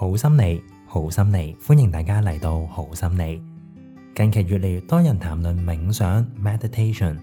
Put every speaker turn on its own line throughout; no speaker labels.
好心理，好心理，歡迎大家嚟到好心理。近期越嚟越多人談論冥想 （meditation），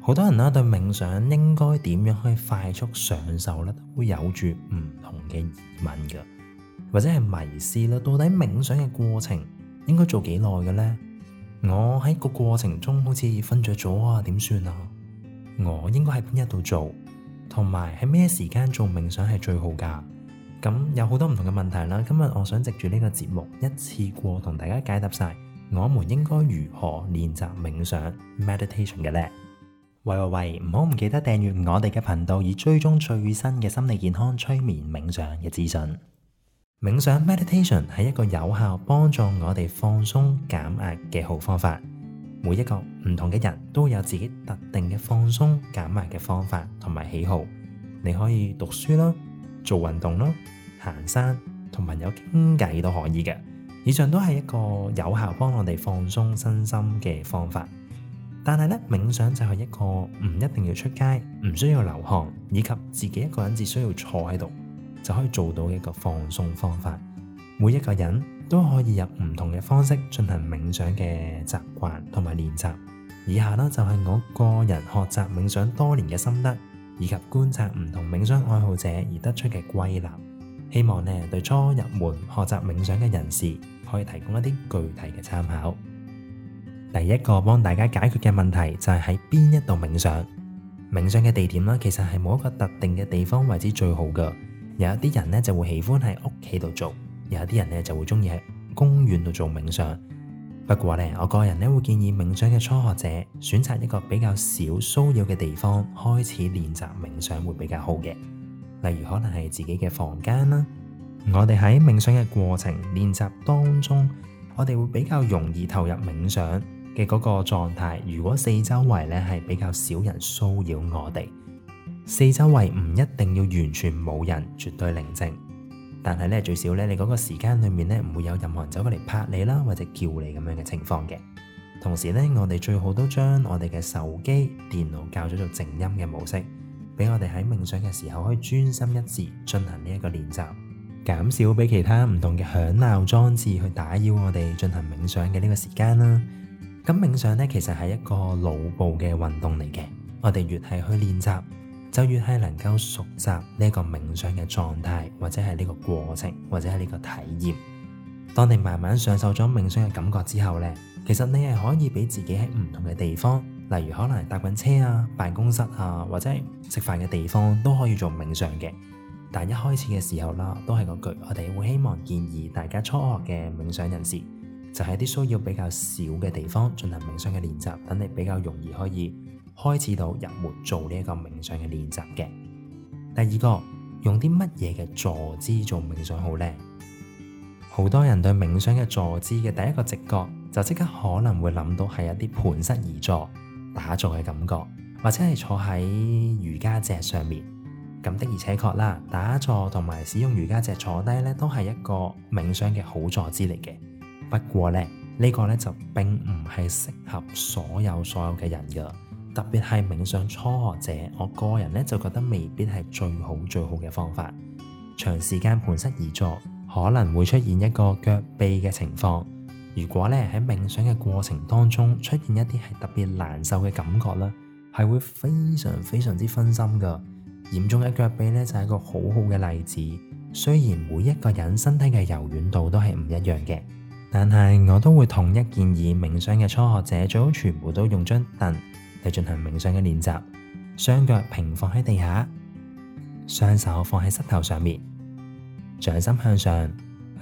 好多人啦，對冥想應該點樣可以快速上手呢？會有住唔同嘅疑問噶，或者係迷思啦。到底冥想嘅過程應該做幾耐嘅呢？我喺個過程中好似瞓着咗啊，點算啊？我應該喺邊一度做，同埋喺咩時間做冥想係最好噶？咁有好多唔同嘅問題啦，今日我想藉住呢個節目一次過同大家解答晒，我哋應該如何練習冥想 （meditation） 嘅呢？喂喂喂，唔好唔記得訂閱我哋嘅頻道，以追蹤最新嘅心理健康、催眠、冥想嘅資訊。冥想 （meditation） 係一個有效幫助我哋放鬆減壓嘅好方法。每一個唔同嘅人都有自己特定嘅放鬆減壓嘅方法同埋喜好，你可以讀書啦。做運動咯，行山，同朋友傾偈都可以嘅。以上都係一個有效幫我哋放鬆身心嘅方法。但係咧，冥想就係一個唔一定要出街、唔需要流汗，以及自己一個人只需要坐喺度就可以做到嘅一個放鬆方法。每一個人都可以有唔同嘅方式進行冥想嘅習慣同埋練習。以下呢，就係我個人學習冥想多年嘅心得。以及觀察唔同冥想愛好者而得出嘅歸納，希望呢對初入門學習冥想嘅人士可以提供一啲具體嘅參考。第一個幫大家解決嘅問題就係喺邊一度冥想，冥想嘅地點啦，其實係冇一個特定嘅地方為之最好㗎。有一啲人呢就會喜歡喺屋企度做，有一啲人呢就會中意喺公園度做冥想。不過呢我個人呢會建議冥想嘅初學者選擇一個比較少騷擾嘅地方開始練習冥想會比較好嘅，例如可能係自己嘅房間啦。我哋喺冥想嘅過程練習當中，我哋會比較容易投入冥想嘅嗰個狀態。如果四周圍呢係比較少人騷擾我哋，四周圍唔一定要完全冇人，絕對寧靜。但係咧最少咧，你嗰個時間裏面咧唔會有任何人走過嚟拍你啦，或者叫你咁樣嘅情況嘅。同時咧，我哋最好都將我哋嘅手機、電腦校咗做靜音嘅模式，俾我哋喺冥想嘅時候可以專心一致進行呢一個練習，減少俾其他唔同嘅響鬧裝置去打擾我哋進行冥想嘅呢個時間啦。咁冥想咧其實係一個腦部嘅運動嚟嘅，我哋越係去練習，就越係能夠熟習呢一個冥想嘅狀態，或者係呢個過程，或者係呢個體驗。當你慢慢享受咗冥想嘅感覺之後呢，其實你係可以俾自己喺唔同嘅地方，例如可能搭緊車啊、辦公室啊，或者食飯嘅地方都可以做冥想嘅。但一開始嘅時候啦，都係嗰句，我哋會希望建議大家初學嘅冥想人士，就喺啲需要比較少嘅地方進行冥想嘅練習，等你比較容易可以。開始到入門做呢一個冥想嘅練習嘅。第二個用啲乜嘢嘅坐姿做冥想好呢？好多人對冥想嘅坐姿嘅第一個直覺就即刻可能會諗到係一啲盤膝而坐、打坐嘅感覺，或者係坐喺瑜伽蓆上面。咁的而且確啦，打坐同埋使用瑜伽蓆坐低呢，都係一個冥想嘅好坐姿嚟嘅。不過呢，呢、呢個呢，就並唔係適合所有所有嘅人噶。特別係冥想初學者，我個人咧就覺得未必係最好最好嘅方法。長時間盤膝而坐可能會出現一個腳痹嘅情況。如果咧喺冥想嘅過程當中出現一啲係特別難受嘅感覺啦，係會非常非常之分心噶。嚴重嘅腳痹咧就係一個好好嘅例子。雖然每一個人身體嘅柔軟度都係唔一樣嘅，但係我都會同一建議冥想嘅初學者最好全部都用張凳去進行冥想嘅練習，雙腳平放喺地下，雙手放喺膝頭上面，掌心向上、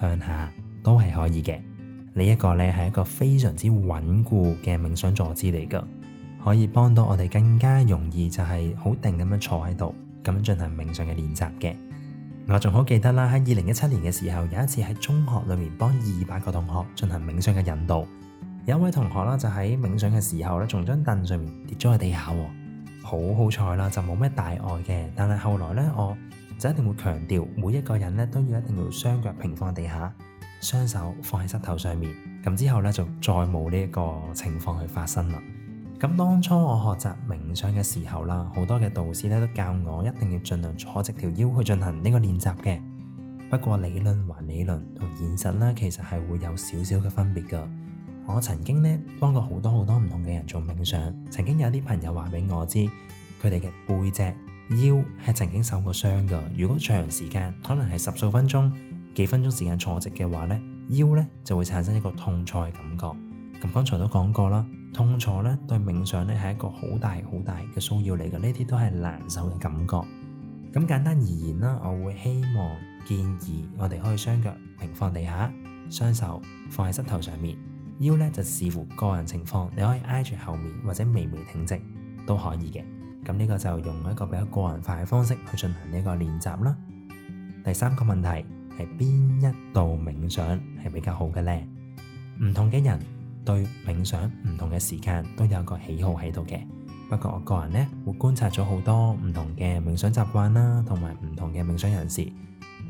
向下都係可以嘅。呢一個呢係一個非常之穩固嘅冥想坐姿嚟噶，可以幫到我哋更加容易就係好定咁樣坐喺度，咁樣進行冥想嘅練習嘅。我仲好記得啦，喺二零一七年嘅時候，有一次喺中學裏面幫二百個同學進行冥想嘅引導。有位同學啦，就喺冥想嘅時候咧，從張凳上面跌咗喺地下喎，好好彩啦，就冇咩大礙嘅。但係後來呢，我就一定會強調，每一個人咧都要一定要雙腳平放地下，雙手放喺膝頭上面。咁之後呢，就再冇呢一個情況去發生啦。咁當初我學習冥想嘅時候啦，好多嘅導師咧都教我一定要盡量坐直條腰去進行呢個練習嘅。不過理論還理論，同現實呢，其實係會有少少嘅分別㗎。我曾經呢幫過好多好多唔同嘅人做冥想。曾經有啲朋友話俾我知，佢哋嘅背脊腰係曾經受過傷㗎。如果長時間可能係十數分鐘、幾分鐘時間坐直嘅話呢，腰呢就會產生一個痛楚嘅感覺。咁剛才都講過啦，痛楚呢對冥想呢係一個好大好大嘅騷擾嚟嘅。呢啲都係難受嘅感覺。咁簡單而言啦，我會希望建議我哋可以雙腳平放地下，雙手放喺膝頭上面。腰呢，就視乎個人情況，你可以挨住後面或者微微挺直都可以嘅。咁呢個就用一個比較個人化嘅方式去進行呢一個練習啦。第三個問題係邊一度冥想係比較好嘅呢？唔同嘅人對冥想唔同嘅時間都有個喜好喺度嘅。不過我個人呢，會觀察咗好多唔同嘅冥想習慣啦，同埋唔同嘅冥想人士。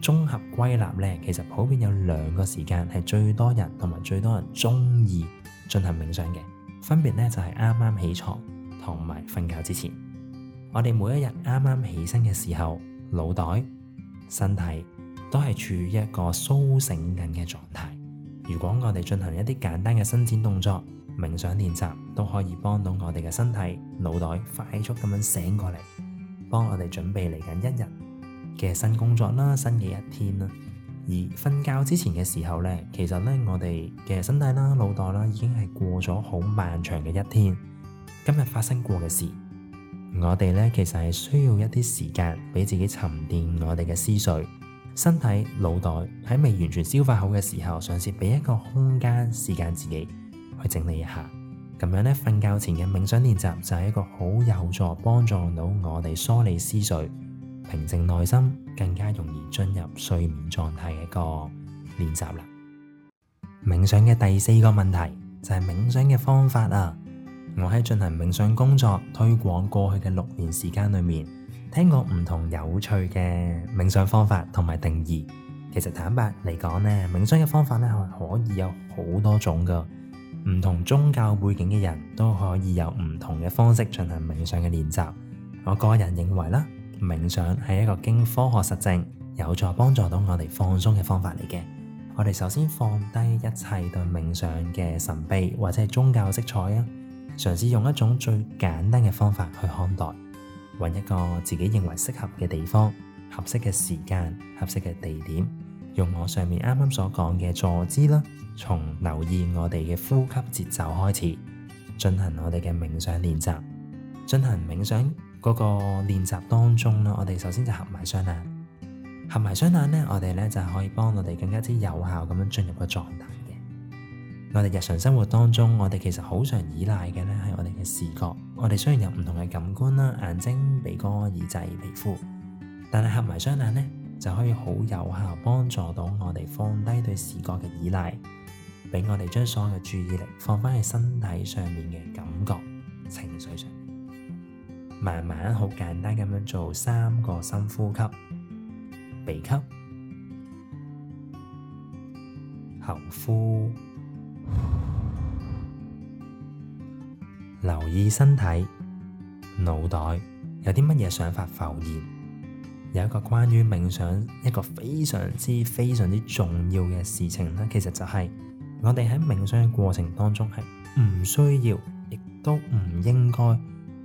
綜合歸納呢，其實普遍有兩個時間係最多人同埋最多人鍾意進行冥想嘅，分別呢，就係啱啱起床同埋瞓覺之前。我哋每一日啱啱起身嘅時候，腦袋、身體都係處於一個甦醒緊嘅狀態。如果我哋進行一啲簡單嘅伸展動作、冥想練習，都可以幫到我哋嘅身體、腦袋快速咁樣醒過嚟，幫我哋準備嚟緊一日嘅新工作啦，新嘅一天啦，而瞓覺之前嘅時候咧，其實咧我哋嘅身體啦、腦袋啦，已經係過咗好漫長嘅一天。今日發生過嘅事，我哋咧其實係需要一啲時間俾自己沉澱我哋嘅思緒，身體、腦袋喺未完全消化好嘅時候，嘗試俾一個空間、時間自己去整理一下。咁樣咧，瞓覺前嘅冥想練習就係一個好有助幫助到我哋梳理思緒平靜內心，更加容易進入睡眠狀態嘅一個練習啦。冥想嘅第四個問題就係冥想嘅方法啊！我喺進行冥想工作推廣過去嘅六年時間裏面，聽過唔同有趣嘅冥想方法同埋定義。其實坦白嚟講呢，冥想嘅方法咧係可以有好多種噶，唔同宗教背景嘅人都可以有唔同嘅方式進行冥想嘅練習。我個人認為啦。冥想係一個經科學實證有助幫助到我哋放鬆嘅方法嚟嘅。我哋首先放低一切對冥想嘅神秘或者係宗教色彩啊，嘗試用一種最簡單嘅方法去看待，揾一個自己認為適合嘅地方、合適嘅時間、合適嘅地點，用我上面啱啱所講嘅坐姿啦，從留意我哋嘅呼吸節奏開始，進行我哋嘅冥想練習，進行冥想。嗰個練習當中呢，我哋首先就合埋雙眼，合埋雙眼呢，我哋呢就可以幫我哋更加之有效咁樣進入個狀態嘅。我哋日常生活當中，我哋其實好常依賴嘅呢係我哋嘅視覺。我哋雖然有唔同嘅感官啦，眼睛、鼻哥、耳仔、皮膚，但係合埋雙眼呢，就可以好有效幫助到我哋放低對視覺嘅依賴，俾我哋將所有嘅注意力放返喺身體上面嘅感覺、情緒上。慢慢好簡單咁樣做三個深呼吸，鼻吸、喉呼，留意身體、腦袋有啲乜嘢想法浮現。有一個關於冥想一個非常之非常之重要嘅事情咧，其實就係我哋喺冥想嘅過程當中係唔需要，亦都唔應該，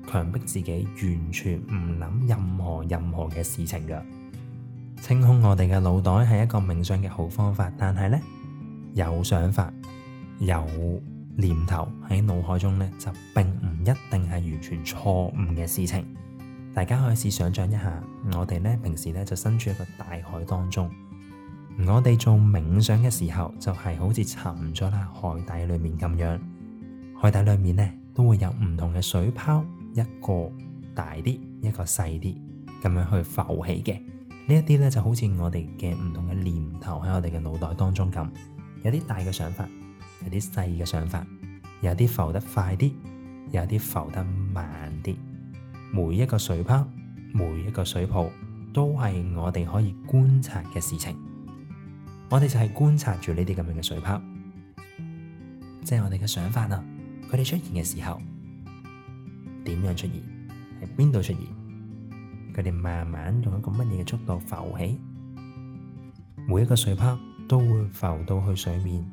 強迫自己完全唔諗任何任何嘅事情噶清空我哋嘅腦袋係一個冥想嘅好方法。但係呢，有想法有念頭喺腦海中呢就並唔一定係完全錯誤嘅事情。大家可以試想象一下，我哋呢平時呢就身處一個大海當中，我哋做冥想嘅時候就係好似沉咗喺海底裏面咁樣，海底裏面呢都會有唔同嘅水泡。一個大啲，一個細啲，咁樣去浮起嘅。呢一啲呢就好似我哋嘅唔同嘅念頭喺我哋嘅腦袋當中咁，有啲大嘅想法，有啲細嘅想法，有啲浮得快啲，有啲浮得慢啲。每一個水泡，每一個水泡都係我哋可以觀察嘅事情。我哋就係觀察住呢啲咁樣嘅水泡，即係我哋嘅想法啊，佢哋出現嘅時候。點樣出現？喺邊度出現？佢哋慢慢用一個乜嘢嘅速度浮起？每一個水泡都會浮到去水面，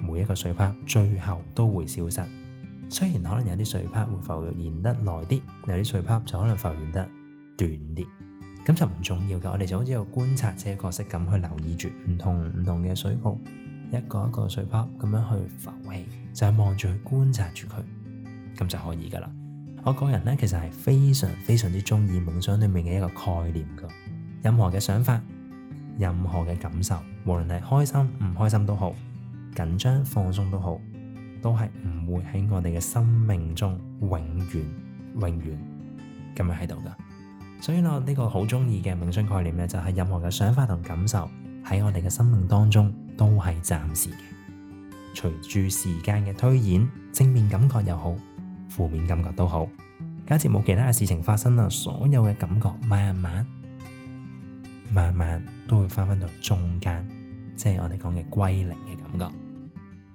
每一個水泡最後都會消失。雖然可能有啲水泡會浮現得耐啲，有啲水泡就可能浮現得短啲，咁就唔重要噶。我哋就好似一個觀察者角色咁去留意住唔同唔同嘅水泡，一個一個水泡咁樣去浮起，就係望住去觀察住佢，咁就可以噶啦。我個人呢其實係非常非常之中意冥想裏面嘅一個概念噶，任何嘅想法，任何嘅感受，無論係開心唔開心都好，緊張放鬆都好,都係唔會喺我哋嘅生命中永遠永遠咁樣喺度噶。所以呢個好中意嘅冥想概念呢，就係、是、任何嘅想法同感受喺我哋嘅生命當中都係暫時嘅，隨住時間嘅推演，正面感覺又好。負面感覺都好，假設冇其他嘅事情發生啦，所有嘅感覺慢慢慢慢都會返返到中間，即係我哋講嘅歸零嘅感覺。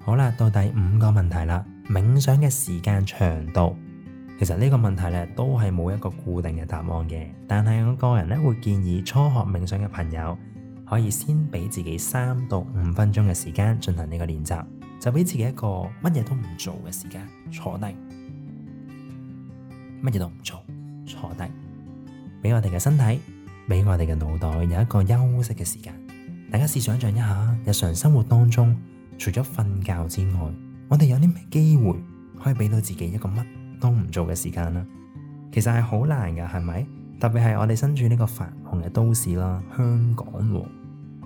好啦，到第五個問題啦，冥想嘅時間長度，其實呢個問題呢都係冇一個固定嘅答案嘅。但係我個人呢，會建議初學冥想嘅朋友可以先俾自己三到五分鐘嘅時間進行呢個練習，就俾自己一個乜嘢都唔做嘅時間，坐低。乜嘢都唔做，坐低俾我哋嘅身體，俾我哋嘅腦袋有一個休息嘅時間。大家試想象一下，日常生活當中，除咗瞓覺之外，我哋有啲咩機會可以俾到自己一個乜都唔做嘅時間呢？其實係好難㗎，係咪？特別係我哋身處呢個繁忙嘅都市啦，香港。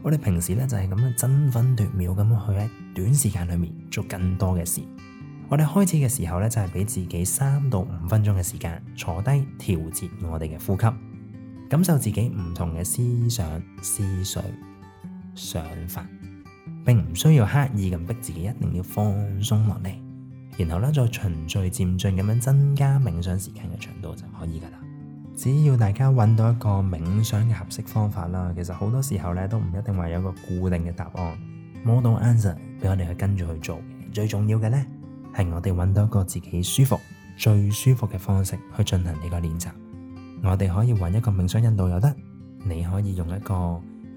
我哋平時咧就係咁樣爭分奪秒咁樣去喺短時間裏面做更多嘅事。我哋開始嘅時候呢，就係俾自己三到五分鐘嘅時間坐低調節我哋嘅呼吸，感受自己唔同嘅思想、思緒、想法，並唔需要刻意咁逼自己一定要放鬆落嚟，然後呢，再循序漸進咁樣增加冥想時間嘅長度就可以噶啦。只要大家揾到一個冥想嘅合適方法啦，其實好多時候呢，都唔一定話有一個固定嘅答案，model answer 俾我哋去跟住去做。最重要嘅呢。係我哋揾到一個自己舒服、最舒服嘅方式去進行呢個練習。我哋可以揾一個冥想引導又得，你可以用一個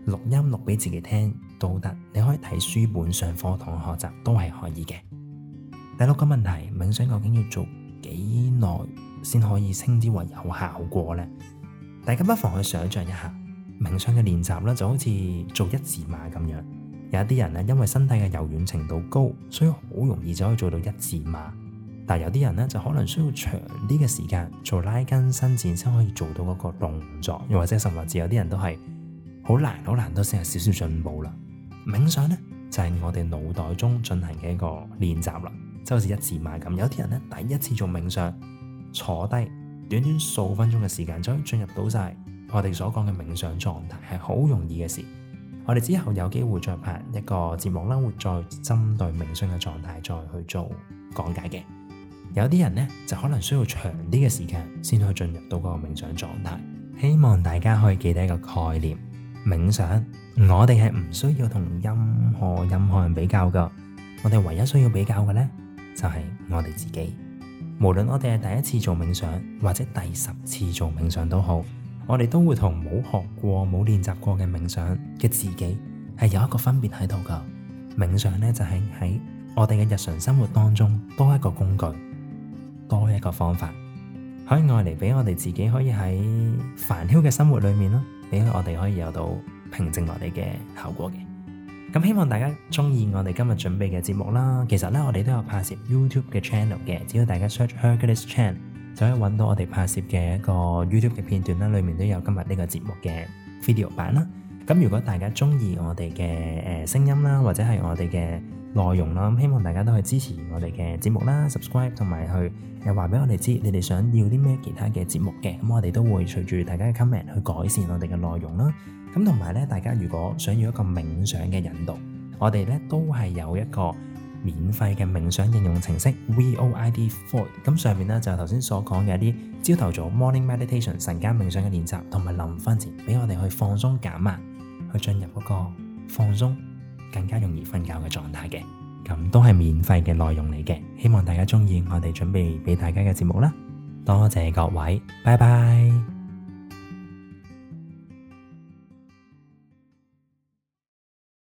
錄音錄俾自己聽都得，你可以睇書本、上課堂學習都係可以嘅。第六個問題，冥想究竟要做幾耐先可以稱之為有效果呢？大家不妨去想象一下，冥想嘅練習咧就好似做一字馬咁樣。有啲人呢，因為身體嘅柔軟程度高，所以好容易就可以做到一字馬。但有啲人呢，就可能需要長啲嘅時間做拉筋伸展先可以做到嗰個動作，又或者甚至有啲人都係好難好難都先係少少進步啦。冥想呢，就係我哋腦袋中進行嘅一個練習啦，就好似一字馬咁。有啲人呢，第一次做冥想，坐低短短數分鐘嘅時間，就可以進入到晒我哋所講嘅冥想狀態，係好容易嘅事。我哋之後有機會再拍一個節目啦，會再針對冥想嘅狀態再去做講解嘅。有啲人呢，就可能需要長啲嘅時間先可以進入到嗰個冥想狀態。希望大家可以記得一個概念：冥想，我哋係唔需要同任何任何人比較噶。我哋唯一需要比較嘅呢，就係我哋自己。無論我哋係第一次做冥想，或者第十次做冥想都好。我哋都會同冇學過、冇練習過嘅冥想嘅自己係有一個分別喺度㗎。冥想呢，就係喺我哋嘅日常生活當中多一個工具，多一個方法，可以用嚟俾我哋自己可以喺煩囂嘅生活裡面啦，俾我哋可以有到平靜落嚟嘅效果嘅。咁希望大家鍾意我哋今日準備嘅節目啦。其實呢，我哋都有拍攝 YouTube 嘅 channel 嘅，只要大家 search Hercules Chan 就可以揾到我哋拍攝嘅一個 YouTube 嘅片段啦，裏面都有今日呢個節目嘅 video 版啦。咁如果大家中意我哋嘅誒聲音啦，或者係我哋嘅內容啦，咁希望大家都去支持我哋嘅節目啦，subscribe 同埋去誒話俾我哋知，你哋想要啲咩其他嘅節目嘅，咁我哋都會隨住大家嘅 comment 去改善我哋嘅內容啦。咁同埋咧，大家如果想要一個冥想嘅引導，我哋咧都係有一個。免費嘅冥想應用程式 VOID FOUR 咁上面咧就頭先所講嘅一啲朝頭早，早 morning meditation 晨間冥想嘅練習，同埋臨瞓前俾我哋去放鬆減壓，去進入一個放鬆更加容易瞓覺嘅狀態嘅，咁都係免費嘅內容嚟嘅，希望大家中意我哋準備俾大家嘅節目啦，多謝各位，拜拜。